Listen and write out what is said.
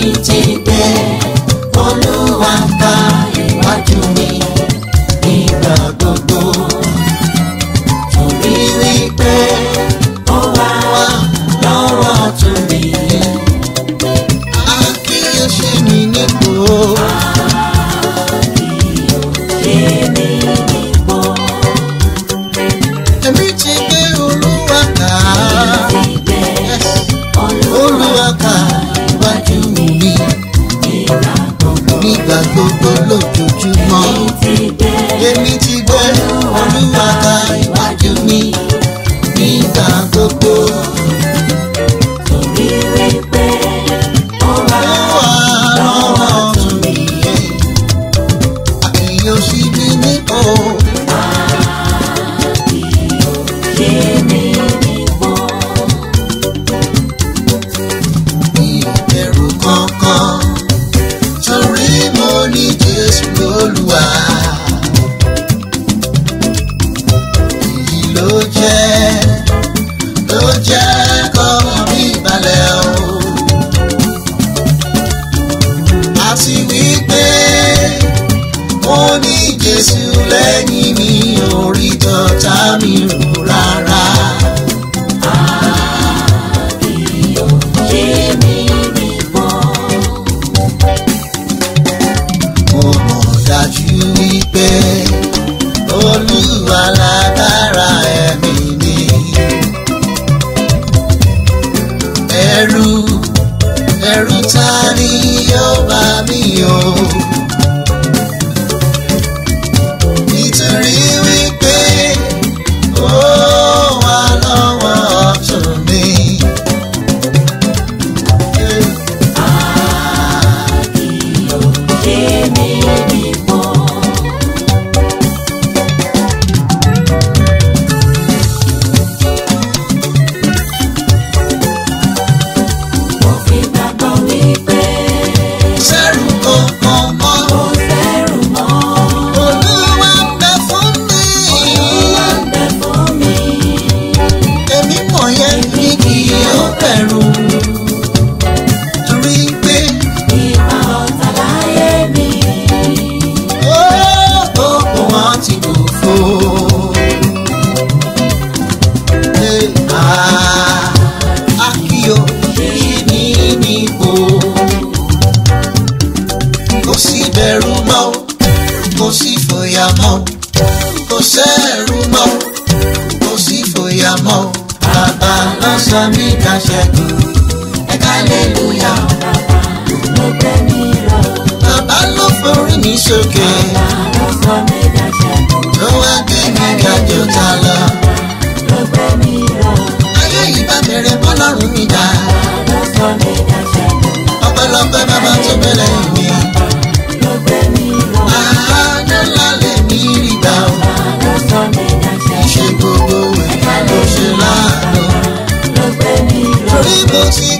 奇迹。níwájú mọ́. èmi ti gbé olúwa ta iwájú mi nígbà gbogbo. wá. èyí ló jẹ́ ló jẹ́ kọ́mọ mi balẹ̀ o. àti wípé mo ní Jésù lẹ́yìn mi ò rí tọ́ta mi rò rárá. dájú wípé olúwa lágbára ẹ̀mí ni ẹ̀rù ẹ̀rù ta ni yóò bá mi o. fòyà mọ́ kò sẹ́rù mọ́ kò sí fòyà mọ́ bàbá lọ́sàn mi dá ṣẹ́gun ẹ̀ka lẹ́lúyà bàbá ló bàbá ló forí mi sókè bàbá lọ́sàn love you.